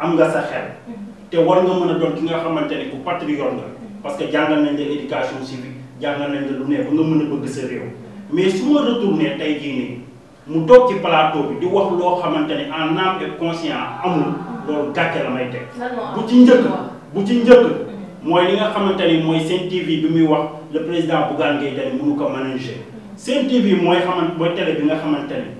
am nga sa xel mm-hmm. te war nga mën a doon ki nga xamante ne ku patriote nga mm-hmm. parce que jàngal nañ la éducation civique jàngal nañ la lu ne ba nga mën a bëgg sa réew mais su ma retourné tey jii nii mu toog ci palaato bi di wax loo xamante ne en âme et conscience amul mm-hmm. loolu gàcce la may teg bu ci njëkk bu ci njëkk mooy li nga xamante ni mooy Sen TV bi muy wax le président Bougane Gueye Dany mënu ko manager Sen TV mooy xaman mooy télé bi nga xamante ni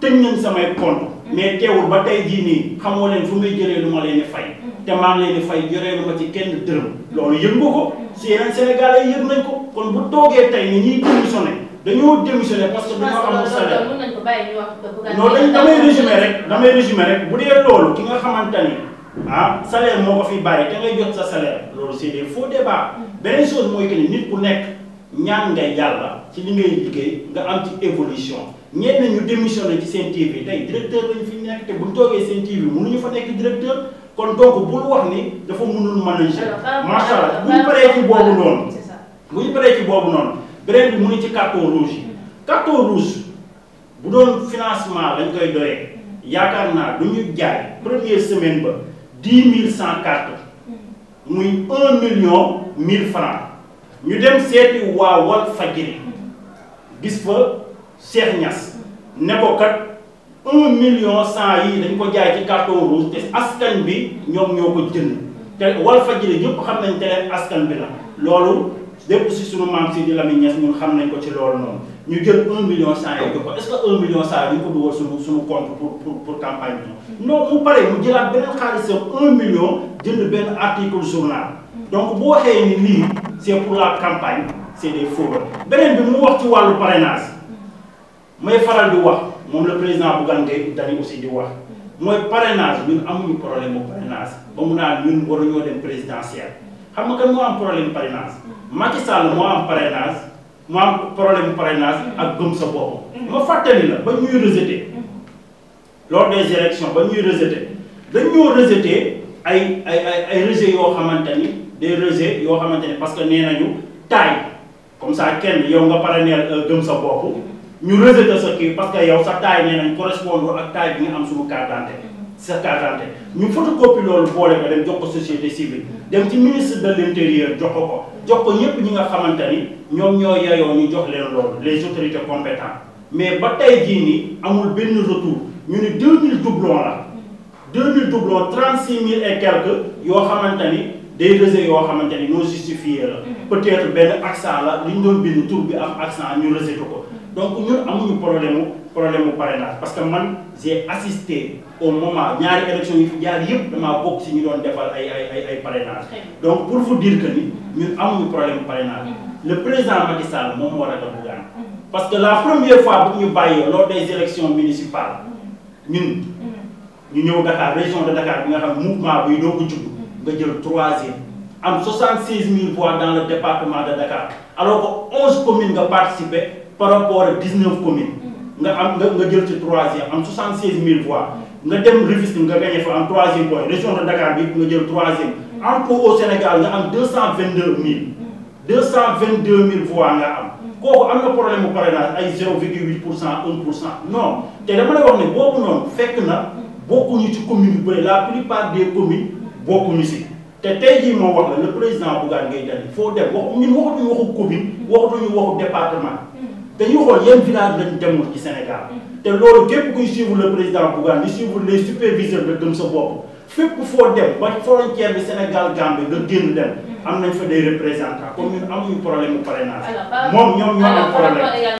tëj nañ samay compte mais teewul ba tey jii nii xamoo leen fu muy jëlee lu ma leen di fay te maa leen fay jëree lu ma ci kenn dërëm loolu yëg nga ko si yeneen sénégalais yëg nañ ko kon bu toogee tey ni ñuy démissionné dañoo démissionné parce que dañoo amul salaire non dañ damay résumé rek damay résumé rek bu dee loolu ki nga xamante ni ah salaire moo ko fi bàyyi te ngay jot sa salaire loolu c'est foo faux débats mm. beneen chose mooy que ni nit ku nekk ñaan nga yàlla ci li ngay liggéey nga am ci évolution ñu démissionné ci TV directeur fi nekk TV directeur donc wax ni dafa manager macha allah bu ci boobu noonu bu ci bi carton rouge rouge bu financement lañ koy doyee première semaine ba dix mille hmm. un million mille francs ñu dem séti wa wal Fadjri gis fa Cheikh Niass ne ko kat 1 million cent yi dañ ko jaay ci carton rouge te askan bi ñom ñoko jënd te wal Fadjri ñëpp xam nañ té askan bi la loolu lépp si sunu maam di Lamine Niass ñun xam nañ ko ci lolu non ñu jël 1 million cent yi ko est-ce que 1 million cent yi ñu ko dugal suñu suñu compte pour pour pour campagne non mu pare mu jëlaat benen xaalis 1 million jënd ben article journal donc bu waxee ni lii c'est pour la campagne c'est des faux beneen bi mu wax ci wàllu parrainage may faral di wax le président Bougane Gueye aussi di wax mooy parrainage ñun amuñu problème de parrainage ba mu naan ñun waruñoo dem présidentielle xam nga kan moo am problème parrainage Macky Sall moo am parrainage moo am problème parrainage ak gëm sa bopp. ma fàttali la ba ñuy rejeté lors des élections ba ñuy rejeté dañ avons rejeté ay ay ay ay rejet yoo des rejets parce que taille comme ça kenn yow nga euh, gëm sa ñu parce que yow sa taille taille bi nga am suñu carte d'identité sa carte d'identité ñu photocopie dem jox société civile dem ci ministre de l'intérieur jox ko jox ko nous ñi nga Nous ni les autorités compétentes mais ba tay amul retour ñu 2000 doublons 2000 doublons 36000 et quelques des rejet yoo xamante ni non la. Mm-hmm. peut-être benn accent la li ñu doon bind tur bi am accent ñu rejeté ko. Mm-hmm. donc ñun amuñu problème problème mu parrainage parce que man j'ai assisté au moment ñaari élection yi fi jaar yëpp dama bokk si ñu doon defal ay ay ay ay parrainage. donc pour vous dire que ni mm-hmm. ñun amuñu problème parrainage. le président Macky Sall moom moo ragal Bougane. parce que la première fois bu ñu bàyyee lors des élections municipales ñun. ñu ñëw Dakar région de Dakar bi nga xam mouvement buy doog a jublu nga jël troisième 76 000 voix dans le département de Dakar alors que 11 communes ont participé par rapport à 19 communes. Mm. nga am nga troisième. jël ci troisième am voix. nous dem Rufisque nga gagné fa am troisième point région de Dakar bi nga troisième. Mm. en tout au Sénégal 222 000. 222 000 voix nga am. Mm. a un un problème de parrainage 0,8 1 non te dama lay wax ne boobu non, commune la plupart des communes. bokkuñu si te tey jii moo wax la le président Bougane Gueye Dany foo dem wax ñun waxatuñu waxu commune waxatuñu waxu département mm-hmm. dañuy xool yan village dem demul ci Sénégal mm-hmm. te loolu képp kuy suivre le président Bougane di suivre les superviseurs de gëm sa bopp fépp foo dem ba frontière bi Sénégal Gambie nga génn dem mm-hmm. am nañ fa des représentants comme ñun amuñu problème mu parrainage moom ñoom ñoo problème